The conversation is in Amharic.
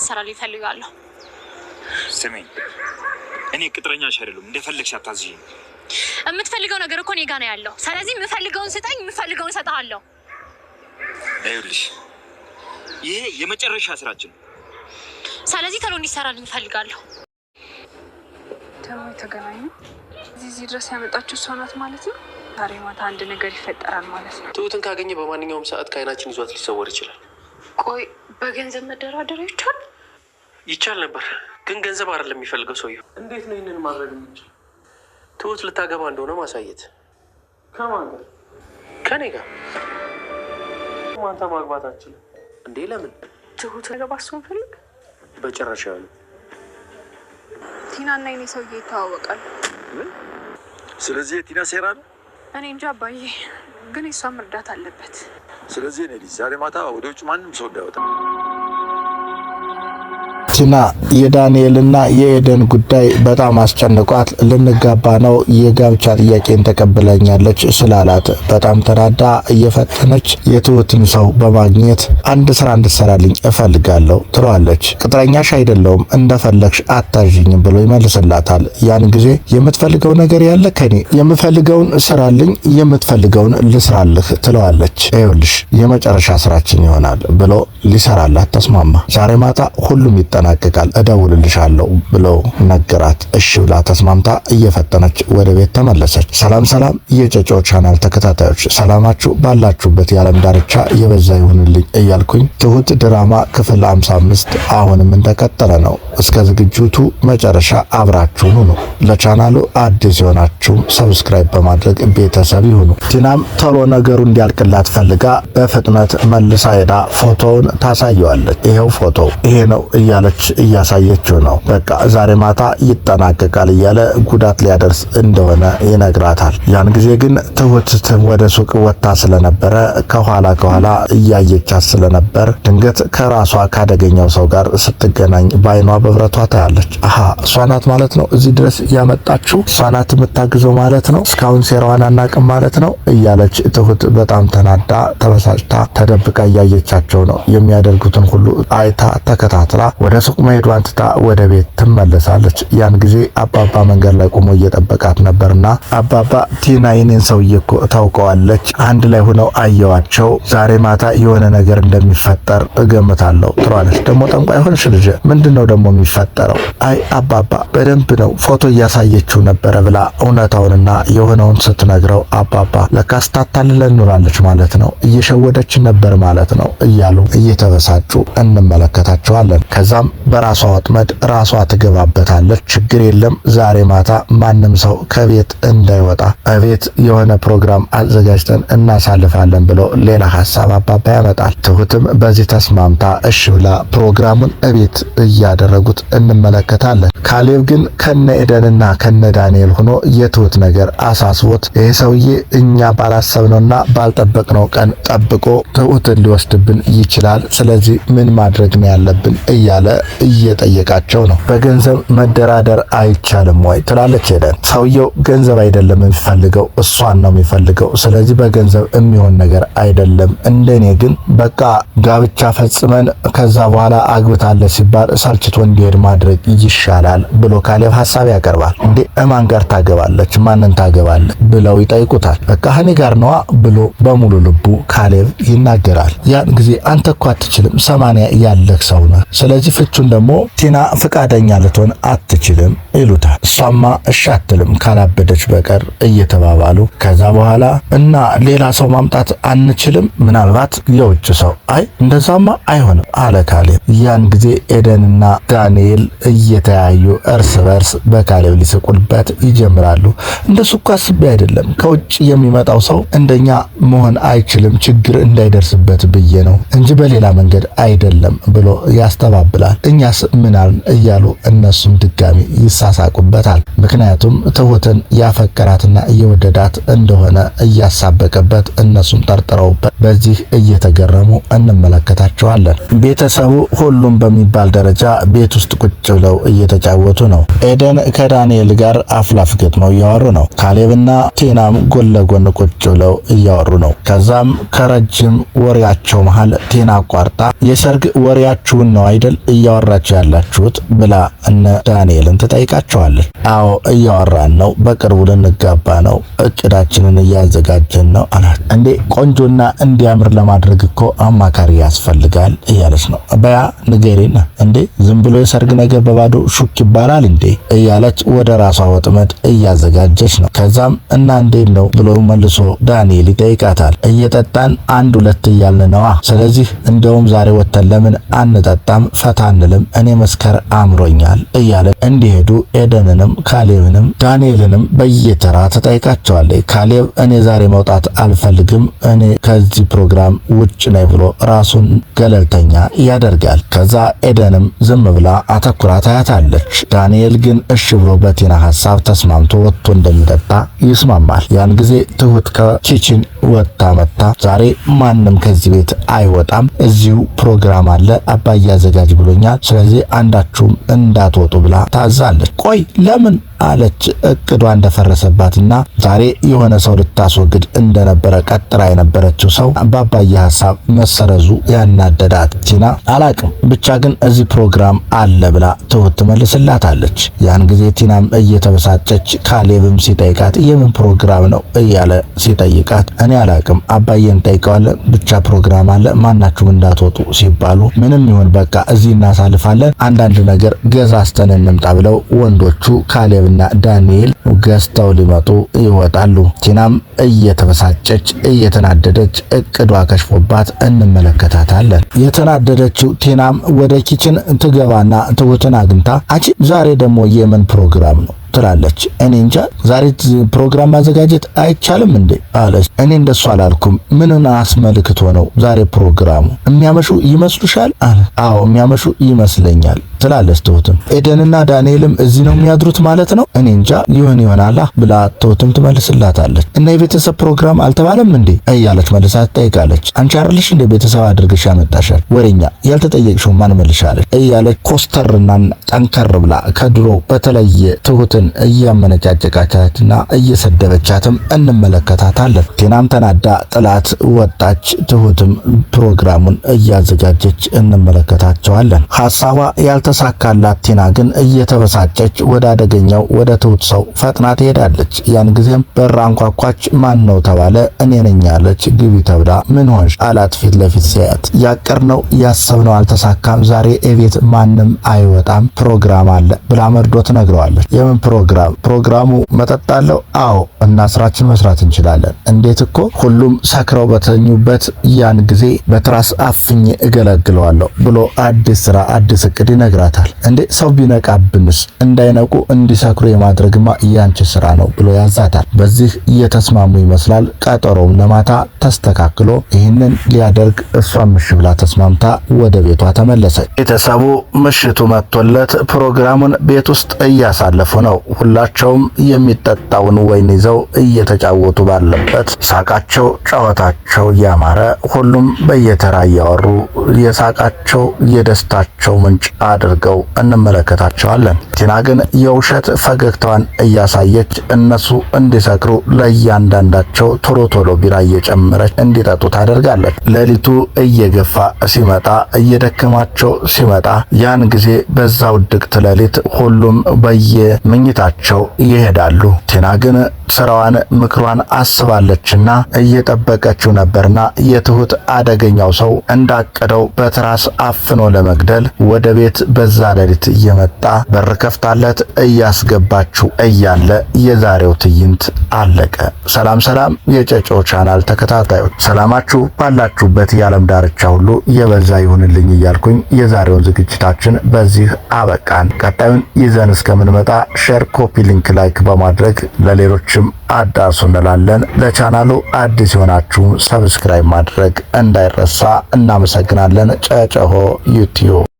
እንድሰራልኝ እፈልጋለሁ። ስሜኝ፣ እኔ ቅጥረኛሽ አይደለሁም። እንደፈለግሽ አታዝኝ። የምትፈልገው ነገር እኮ እኔ ጋ ነው ያለው። ስለዚህ የምፈልገውን ስጠኝ፣ የምፈልገውን እሰጥሃለሁ። ይኸውልሽ፣ ይሄ የመጨረሻ ስራችን። ስለዚህ ተሎ እንዲሰራልኝ እፈልጋለሁ። ደግሞ የተገናኙ እዚህ እዚህ ድረስ ያመጣችው እሷ ናት ማለት ነው። ዛሬ ማታ አንድ ነገር ይፈጠራል ማለት ነው። ትሁትን ካገኘ በማንኛውም ሰዓት ከአይናችን ይዟት ሊሰወር ይችላል። ቆይ በገንዘብ መደራደር ይቻል ይቻል ነበር፣ ግን ገንዘብ አይደለም የሚፈልገው ሰውየው። እንዴት ነው ይህንን ማድረግ የሚችል? ትሁት ልታገባ እንደሆነ ማሳየት። ከማን ጋር? ከኔ ጋር። ማንተ ማግባት አችልም እንዴ? ለምን? ትሁት ገባ እሱን ፈልግ። በጭራሽ ያሉ ቲና እና የኔ ሰውዬ ይተዋወቃል። ስለዚህ የቲና ሴራ ነው። እኔ እንጃ አባዬ፣ ግን የሷ እርዳት አለበት። ስለዚህ እኔ ዛሬ ማታ ወደ ውጭ ማንም ሰው እንዳይወጣ የቲና የዳንኤልና የኤደን ጉዳይ በጣም አስጨንቋት ልንጋባ ነው የጋብቻ ጥያቄን ተቀብለኛለች ስላላት በጣም ተናዳ እየፈጠነች የትሁትን ሰው በማግኘት አንድ ስራ እንድትሰራልኝ እፈልጋለሁ ትለዋለች። ቅጥረኛሽ አይደለውም እንደፈለግሽ አታዥኝም ብሎ ይመልስላታል። ያን ጊዜ የምትፈልገው ነገር ያለ ከኔ የምፈልገውን ስራልኝ፣ የምትፈልገውን ልስራልህ ትለዋለች። ይኸውልሽ የመጨረሻ ስራችን ይሆናል ብሎ ሊሰራላት ተስማማ። ዛሬ ማታ ሁሉም ይጠናል ይጠናቀቃል እደውልልሻለሁ ብሎ ነገራት። እሺ ብላ ተስማምታ እየፈጠነች ወደ ቤት ተመለሰች። ሰላም ሰላም፣ የጨጮ ቻናል ተከታታዮች ሰላማችሁ ባላችሁበት የዓለም ዳርቻ የበዛ ይሁንልኝ እያልኩኝ ትሁት ድራማ ክፍል 55 አሁንም እንደቀጠለ ነው። እስከ ዝግጅቱ መጨረሻ አብራችሁ ሁኑ። ለቻናሉ አዲስ የሆናችሁም ሰብስክራይብ በማድረግ ቤተሰብ ይሁኑ። ቲናም ቶሎ ነገሩ እንዲያልቅላት ፈልጋ በፍጥነት መልሳ ሄዳ ፎቶውን ታሳየዋለች። ይሄው ፎቶ ይሄ ነው እያለች ምልክቶች እያሳየችው ነው። በቃ ዛሬ ማታ ይጠናቀቃል እያለ ጉዳት ሊያደርስ እንደሆነ ይነግራታል። ያን ጊዜ ግን ትሁት ወደ ሱቅ ወጥታ ስለነበረ ከኋላ ከኋላ እያየቻት ስለነበር ድንገት ከራሷ ካደገኛው ሰው ጋር ስትገናኝ በአይኗ በብረቷ ታያለች። አሀ እሷ ናት ማለት ነው፣ እዚህ ድረስ ያመጣችው እሷ ናት የምታግዘው ማለት ነው፣ እስካሁን ሴራዋን አናቅም ማለት ነው እያለች ትሁት በጣም ተናዳ ተበሳጭታ ተደብቃ እያየቻቸው ነው። የሚያደርጉትን ሁሉ አይታ ተከታትላ ወደ ሱቅ መሄዷን ትታ ወደ ቤት ትመለሳለች። ያን ጊዜ አባባ መንገድ ላይ ቆሞ እየጠበቃት ነበርና አባባ ቲና የኔን ሰውዬ እኮ ታውቀዋለች፣ አንድ ላይ ሆነው አየዋቸው፣ ዛሬ ማታ የሆነ ነገር እንደሚፈጠር እገምታለሁ ትሏለች። ደግሞ ጠንቋይ ሆንሽ ልጄ፣ ምንድን ነው ደግሞ የሚፈጠረው? አይ አባባ በደንብ ነው ፎቶ እያሳየችው ነበረ ብላ እውነታውንና የሆነውን ስትነግረው አባባ ለካስ ታታልለን ኑራለች ማለት ነው፣ እየሸወደች ነበር ማለት ነው እያሉ እየተበሳጩ እንመለከታቸዋለን። ከዛም በራሷ ወጥመድ ራሷ ትገባበታለች። ችግር የለም። ዛሬ ማታ ማንም ሰው ከቤት እንዳይወጣ እቤት የሆነ ፕሮግራም አዘጋጅተን እናሳልፋለን ብሎ ሌላ ሀሳብ አባባ ያመጣል። ትሁትም በዚህ ተስማምታ እሺ ብላ ፕሮግራሙን እቤት እያደረጉት እንመለከታለን። ካሌብ ግን ከነ ኤደንና ከነ ዳንኤል ሆኖ የትሁት ነገር አሳስቦት ይሄ ሰውዬ እኛ ባላሰብነውና ባልጠበቅነው ቀን ጠብቆ ትሁትን ሊወስድብን ይችላል። ስለዚህ ምን ማድረግ ነው ያለብን እያለ እየጠየቃቸው ነው። በገንዘብ መደራደር አይቻልም ወይ ትላለች ሄደን። ሰውየው ገንዘብ አይደለም የሚፈልገው እሷን ነው የሚፈልገው። ስለዚህ በገንዘብ የሚሆን ነገር አይደለም። እንደኔ ግን በቃ ጋብቻ ፈጽመን ከዛ በኋላ አግብታለች ሲባል ሰልችቶ እንዲሄድ ማድረግ ይሻላል ብሎ ካሌብ ሀሳብ ያቀርባል። እንዴ እማን ጋር ታገባለች? ማንን ታገባለች? ብለው ይጠይቁታል። በቃ እኔ ጋር ነዋ ብሎ በሙሉ ልቡ ካሌብ ይናገራል። ያን ጊዜ አንተ እኮ አትችልም፣ ሰማንያ ያለህ ሰው ነህ። ስለዚህ ያለችውን ደግሞ ቲና ፈቃደኛ ልትሆን አትችልም ይሉታል። እሷማ እሺ አትልም ካላበደች በቀር እየተባባሉ ከዛ በኋላ እና ሌላ ሰው ማምጣት አንችልም፣ ምናልባት የውጭ ሰው። አይ እንደዛማ አይሆንም አለ ካሌብ። ያን ጊዜ ኤደንና ዳንኤል እየተያዩ እርስ በርስ በካሌብ ሊስቁልበት ይጀምራሉ። እንደሱ እኮ አስቤ አይደለም ከውጭ የሚመጣው ሰው እንደኛ መሆን አይችልም፣ ችግር እንዳይደርስበት ብዬ ነው እንጂ በሌላ መንገድ አይደለም ብሎ ያስተባብላል። እኛስ ምናል እያሉ እነሱም ድጋሚ ይሳሳቁበታል። ምክንያቱም ትሁትን ያፈቀራትና እየወደዳት እንደሆነ እያሳበቀበት እነሱም ጠርጥረውበት በዚህ እየተገረሙ እንመለከታቸዋለን። ቤተሰቡ ሁሉም በሚባል ደረጃ ቤት ውስጥ ቁጭ ብለው እየተጫወቱ ነው። ኤደን ከዳንኤል ጋር አፍላፍ ገጥመው እያወሩ ነው። ካሌብና ቴናም ጎን ለጎን ቁጭ ብለው እያወሩ ነው። ከዛም ከረጅም ወሬያቸው መሃል ቴና አቋርጣ የሰርግ ወሬያችሁን ነው አይደል እያ እያወራችሁ ያላችሁት ብላ እነ ዳንኤልን ትጠይቃቸዋለች። አዎ እያወራን ነው፣ በቅርቡ ልንጋባ ነው፣ እቅዳችንን እያዘጋጀን ነው አላት። እንዴ ቆንጆና እንዲያምር ለማድረግ እኮ አማካሪ ያስፈልጋል እያለች ነው። በያ ንገሪና፣ እንዴ ዝም ብሎ የሰርግ ነገር በባዶ ሹክ ይባላል እንዴ እያለች ወደ ራሷ ወጥመድ እያዘጋጀች ነው። ከዛም እና እንዴት ነው ብሎ መልሶ ዳንኤል ይጠይቃታል። እየጠጣን አንድ ሁለት እያልን ነዋ። ስለዚህ እንደውም ዛሬ ወተን ለምን አንጠጣም ፈታን ብንልም እኔ መስከር አምሮኛል እያለ እንዲሄዱ ኤደንንም ካሌብንም ዳንኤልንም በየተራ ተጠይቃቸዋለች። ካሌብ እኔ ዛሬ መውጣት አልፈልግም፣ እኔ ከዚህ ፕሮግራም ውጭ ነኝ ብሎ ራሱን ገለልተኛ ያደርጋል። ከዛ ኤደንም ዝም ብላ አተኩራ ታያታለች። ዳንኤል ግን እሺ ብሎ በቲና ሀሳብ ተስማምቶ ወጥቶ እንደሚጠጣ ይስማማል። ያን ጊዜ ትሁት ከኪችን ወጥታ መጥታ ዛሬ ማንም ከዚህ ቤት አይወጣም፣ እዚሁ ፕሮግራም አለ አባዬ አዘጋጅ ብሎኛል፣ ስለዚህ አንዳችሁም እንዳትወጡ ብላ ታዛለች። ቆይ ለምን አለች። እቅዷ እንደፈረሰባትና ዛሬ የሆነ ሰው ልታስወግድ እንደነበረ ቀጥራ የነበረችው ሰው በአባዬ ሀሳብ መሰረዙ ያናደዳት ቲና አላቅም ብቻ ግን እዚህ ፕሮግራም አለ ብላ ትሁት ትመልስላታለች። ያን ጊዜ ቲናም እየተበሳጨች ካሌብም ሲጠይቃት የምን ፕሮግራም ነው እያለ ሲጠይቃት እኔ አላቅም አባዬን ጠይቀዋለን ብቻ ፕሮግራም አለ ማናችሁም እንዳትወጡ ሲባሉ ምንም ይሁን በቃ እዚህ እናሳልፋለን አንዳንድ ነገር ገዛስተን እንምጣ ብለው ወንዶቹ ካሌብ ና ዳንኤል ገዝተው ሊመጡ ይወጣሉ። ቲናም እየተበሳጨች እየተናደደች እቅዷ ከሽፎባት እንመለከታታለን። የተናደደችው ቲናም ወደ ኪችን ትገባና ትሁትን አግኝታ አቺ ዛሬ ደግሞ የምን ፕሮግራም ነው ትላለች። እኔ እንጃ ዛሬ ፕሮግራም ማዘጋጀት አይቻልም እንዴ አለች። እኔ እንደሱ አላልኩም። ምንን አስመልክቶ ነው ዛሬ ፕሮግራሙ? የሚያመሹ ይመስሉሻል? አዎ የሚያመሹ ይመስለኛል ትላለች ትሁትም። ኤደንና ዳንኤልም እዚህ ነው የሚያድሩት ማለት ነው? እኔ እንጃ ይሆን ይሆናላ ብላ ትሁትም ትመልስላታለች። እና የቤተሰብ ፕሮግራም አልተባለም እንዴ እያለች መልሳ ትጠይቃለች። አንቺ አይደለሽ እንደ ቤተሰብ አድርገሽ ያመጣሻል፣ ወሬኛ ያልተጠየቅሽው ማን መልሻለች እያለች ኮስተርና ጠንከር ብላ ከድሮ በተለየ ትሁትን እያመነጫጨቃቻትና እየሰደበቻትም እንመለከታታለን። ዜናም ተናዳ ጥላት ወጣች። ትሁትም ፕሮግራሙን እያዘጋጀች እንመለከታቸዋለን። ሀሳቧ ያልተሳካላት ቲና ግን እየተበሳጨች ወደ አደገኛው ወደ ትሁት ሰው ፈጥና ትሄዳለች። ያን ጊዜም በር አንኳኳች። ማን ነው ተባለ። እኔ ነኝ አለች። ግቢ ተብላ ምን ሆንሽ አላት ፊት ለፊት ሲያያት። ያቀርነው ያሰብነው አልተሳካም፣ ዛሬ እቤት ማንም አይወጣም፣ ፕሮግራም አለ ብላ መርዶ ትነግረዋለች። የምን ፕሮግራም? ፕሮግራሙ መጠጣለው። አዎ እና ስራችን መስራት እንችላለን እንዴት ማለት እኮ ሁሉም ሰክረው በተኙበት ያን ጊዜ በትራስ አፍኝ እገለግለዋለሁ ብሎ አዲስ ስራ አዲስ እቅድ ይነግራታል። እንዴ ሰው ቢነቃብንስ? እንዳይነቁ እንዲሰክሩ የማድረግማ ያንቺ ስራ ነው ብሎ ያዛታል። በዚህ እየተስማሙ ይመስላል። ቀጠሮም ለማታ ተስተካክሎ ይህንን ሊያደርግ እሷም ምሽ ብላ ተስማምታ ወደ ቤቷ ተመለሰች። ቤተሰቡ ምሽቱ መጥቶለት ፕሮግራሙን ቤት ውስጥ እያሳለፉ ነው። ሁላቸውም የሚጠጣውን ወይን ይዘው እየተጫወቱ ባለበት ሳቃቸው ጨዋታቸው እያማረ ሁሉም በየተራ እያወሩ የሳቃቸው የደስታቸው ምንጭ አድርገው እንመለከታቸዋለን። ቲና ግን የውሸት ፈገግታዋን እያሳየች እነሱ እንዲሰክሩ ለእያንዳንዳቸው ቶሎ ቶሎ ቢራ እየጨመረች እንዲጠጡ ታደርጋለች። ሌሊቱ እየገፋ ሲመጣ እየደከማቸው ሲመጣ ያን ጊዜ በዛ ውድቅት ሌሊት ሁሉም በየምኝታቸው ይሄዳሉ። ቲና ግን ስራዋን ምክሯን አስባለች እንደነበረችና እየጠበቀችው ነበርና የትሁት አደገኛው ሰው እንዳቀደው በትራስ አፍኖ ለመግደል ወደ ቤት በዛ ሌሊት እየመጣ በር ከፍታለት እያስገባችው እያለ የዛሬው ትዕይንት አለቀ። ሰላም ሰላም፣ የጨጨሆ ቻናል ተከታታዮች ሰላማችሁ ባላችሁበት የዓለም ዳርቻ ሁሉ የበዛ ይሁንልኝ እያልኩኝ የዛሬውን ዝግጅታችን በዚህ አበቃን። ቀጣዩን ይዘን እስከምንመጣ ሼር፣ ኮፒ፣ ሊንክ፣ ላይክ በማድረግ ለሌሎችም አዳርሱ እንላለን። ለቻናሉ አዲስ የሆናችሁ ሰብስክራይብ ማድረግ እንዳይረሳ። እናመሰግናለን። ጨጨሆ ዩቲዩብ